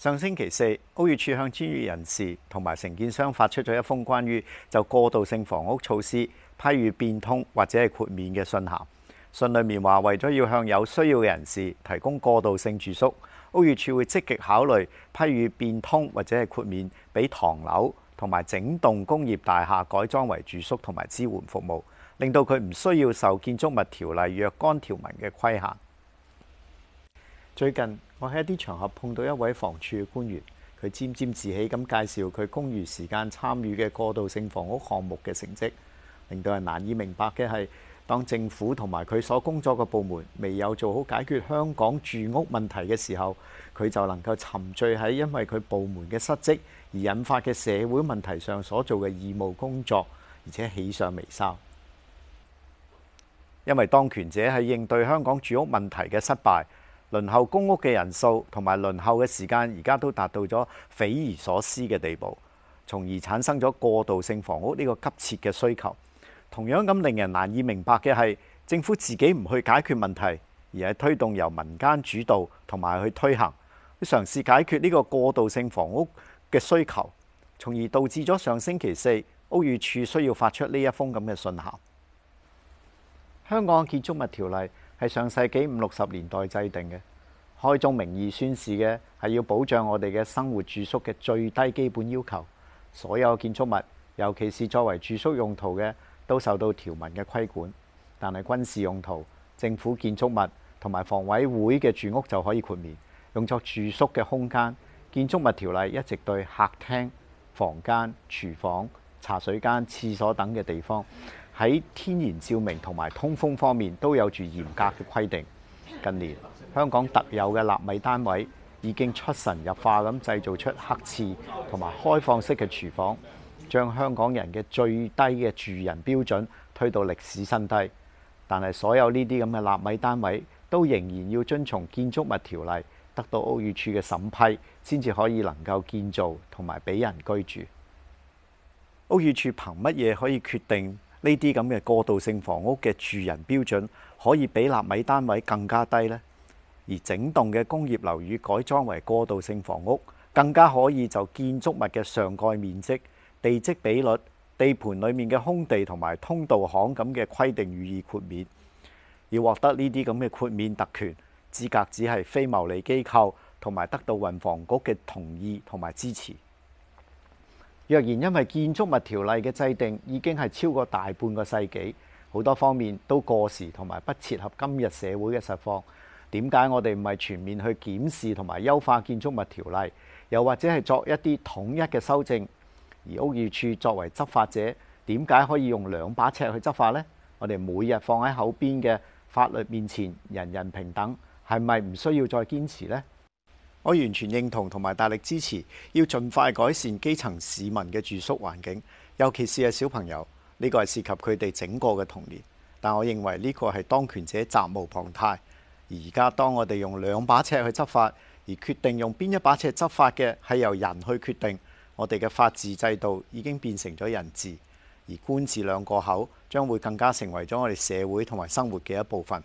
上星期四，屋宇署向專業人士同埋承建商發出咗一封關於就過渡性房屋措施批予變通或者係豁免嘅信函。信裡面話，為咗要向有需要嘅人士提供過渡性住宿，屋宇署會積極考慮批予變通或者係豁免，俾唐樓同埋整棟工業大廈改裝為住宿同埋支援服務，令到佢唔需要受建築物條例若干條文嘅規限。最近我喺一啲場合碰到一位房署嘅官員，佢沾沾自喜咁介紹佢公餘時間參與嘅過渡性房屋項目嘅成績，令到人難以明白嘅係，當政府同埋佢所工作嘅部門未有做好解決香港住屋問題嘅時候，佢就能夠沉醉喺因為佢部門嘅失職而引發嘅社會問題上所做嘅義務工作，而且喜上眉梢。因為當權者係應對香港住屋問題嘅失敗。輪候公屋嘅人數同埋輪候嘅時間，而家都達到咗匪夷所思嘅地步，從而產生咗過渡性房屋呢個急切嘅需求。同樣咁令人難以明白嘅係政府自己唔去解決問題，而係推動由民間主導同埋去推行去嘗試解決呢個過渡性房屋嘅需求，從而導致咗上星期四屋宇署需要發出呢一封咁嘅信函。香港建築物條例係上世紀五六十年代制定嘅，開宗明義宣示嘅係要保障我哋嘅生活住宿嘅最低基本要求。所有建築物，尤其是作為住宿用途嘅，都受到條文嘅規管。但係軍事用途、政府建築物同埋房委會嘅住屋就可以豁免。用作住宿嘅空間，建築物條例一直對客廳、房間、廚房、茶水間、廁所等嘅地方，喺天然照明同埋通風方面都有住嚴格嘅規定。近年香港特有嘅納米單位已經出神入化咁製造出黑廁同埋開放式嘅廚房，將香港人嘅最低嘅住人標準推到歷史新低。但係所有呢啲咁嘅納米單位都仍然要遵從建築物條例，得到屋宇署嘅審批先至可以能夠建造同埋俾人居住。屋宇署憑乜嘢可以決定？呢啲咁嘅過渡性房屋嘅住人標準可以比納米單位更加低呢？而整棟嘅工業樓宇改裝為過渡性房屋，更加可以就建築物嘅上蓋面積、地積比率、地盤裡面嘅空地同埋通道行咁嘅規定予以豁免。要獲得呢啲咁嘅豁免特權資格，只係非牟利機構同埋得到運房局嘅同意同埋支持。若然因為建築物條例嘅制定已經係超過大半個世紀，好多方面都過時同埋不切合今日社會嘅實況，點解我哋唔係全面去檢視同埋優化建築物條例，又或者係作一啲統一嘅修正？而屋宇署作為執法者，點解可以用兩把尺去執法呢？我哋每日放喺口邊嘅法律面前，人人平等，係咪唔需要再堅持呢？我完全認同同埋大力支持，要盡快改善基層市民嘅住宿環境，尤其是係小朋友，呢個係涉及佢哋整個嘅童年。但我認為呢個係當權者責無旁貸。而家當我哋用兩把尺去執法，而決定用邊一把尺執法嘅係由人去決定。我哋嘅法治制度已經變成咗人治，而官字兩個口將會更加成為咗我哋社會同埋生活嘅一部分。